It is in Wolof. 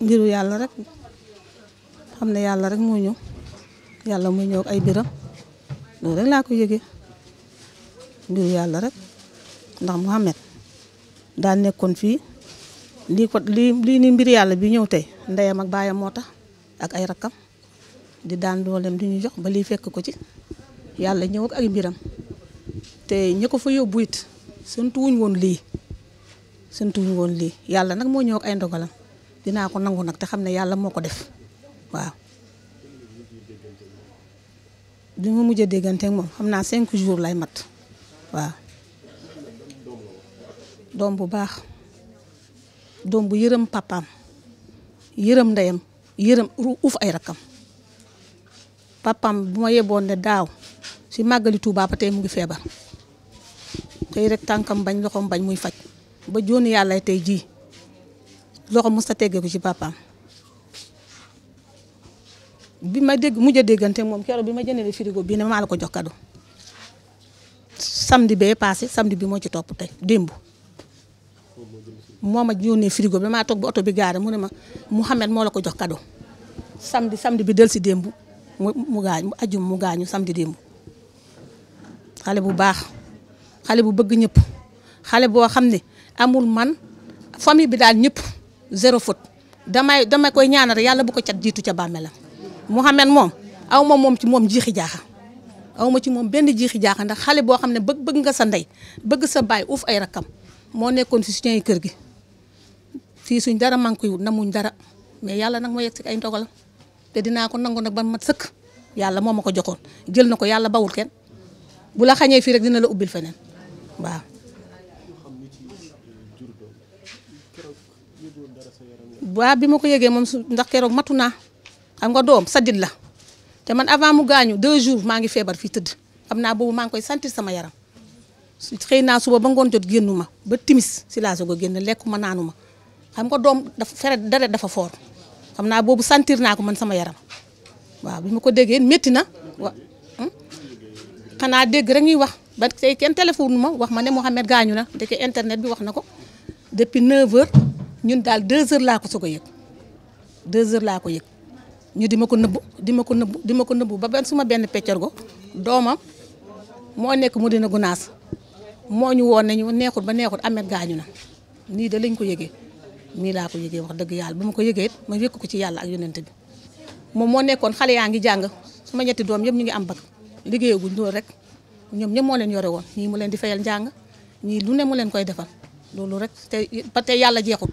mbiru yàlla rek xam ne yàlla rek moo ñëw yàlla moo ñëw ay biram loolu rek laa ko yëgee mbiru yàlla rek ndax Mouhamed daa nekkoon fii lii ni mbir yàlla bi ñëw tey ndeyam ak baayam moo tax ak ay rakkam di daan dooleem di ñu jox ba lii fekk ko ci yàlla ñëw ak ay mbiram te ñi ko fa yóbbu it woon lii santuwuñ woon lii yàlla nag moo ñëw ay ndogalam. dinaa ko nangu nag te xam ne yàlla moo ko def waaw. bi ma mujjee déggante moom xam naa cinq jour lay mat waaw doom bu baax doom bu yërëm papaam yërëm ndeyam yërëm uuf ay rakkam papaam bu ma yeboon ne daaw si màggali Tuubaa ba tey mu ngi feebar tey rek tànkam bañ loxoom bañ muy faj ba jooni yàlla tey jii loxo mos a teggeeku ci papaam bi ma dégg mujj a déggante moom keroog bi ma jëndee frigo bii ne maa la ko jox kado samdi bee bi moo ci topp tey démb moo ma yónnee frigo bi maa toog bi gaare mu ne ma Mouhamed moo la ko jox kado samedi bi del si démb mu mu gaañ mu ajum mu gaañu samedi démb xale bu baax xale bu bëgg ñépp xale boo xam ne amul man famille bi daal ñëpp. zéro faute damay dama koy ñaanal yàlla bu ko ca jiitu ca bàmmeelam Mouhamed moom aw ma moom ci moom jiixi jaaxa aw ma ci moom benn jiixi jaaxa ndax xale boo xam ne bëgg bëgg nga sa ndey bëgg sa baay uuf ay rakkam moo nekkoon si suñu kër gi fii suñ dara maa ngi koy wut namuñ dara mais yàlla nag moo yegg si ay ndogalam te dinaa ko nangu nag ba mat sëkk yàlla moom ma ko joxoon jël na ko yàlla bawul kenn bu la xañee fii rek dina la ubbil feneen waaw. waa bi ma ko yëgee moom su ndax keroog matu naa xam nga doom sadit la te man avant mu gaañu deux jours maa ngi feebar fii tëdd xam naa boobu maa ngi koy sentir sama yaram xëy naa suba ba ngoon génnu ma ba timis si laa soog génn lekku ma naanu ma xam doom dafa fere dara dafa foor xam naa boobu sentir naa ko man sama yaram waaw bi ma ko déggee métti na hmm? xanaa dégg rek ñuy wax ba tey kenn téléphone ma wax ma ne Mouhamed gaañu na ndeke internet bi wax na ko depuis 9 heures ñun daal deux heures laa ko soog a yëg laa ko yëg ñu di ma ko nëbbu di ma ko nëbbu di ma ko nëbbu ba benn suma benn peccorgo doomam moo nekk mu dina gunaas moo ñu woon nañu neexut ba neexut amet gaañu na nii da lañ ko yëgee nii laa ko yëgee wax dëgg bu ma ko yëgee it ma ko ci yàlla ak yonent bi moom moo nekkoon xale yaa ngi jàng su ma ñetti doom yëpp ñu ngi am bag liggéeyaguñ loolu rek ñoom ñëpp moo leen yore woon ñii mu leen di fayal njàng ñii lu ne mu leen koy defal loolu rek te ba tey yàlla jeexut.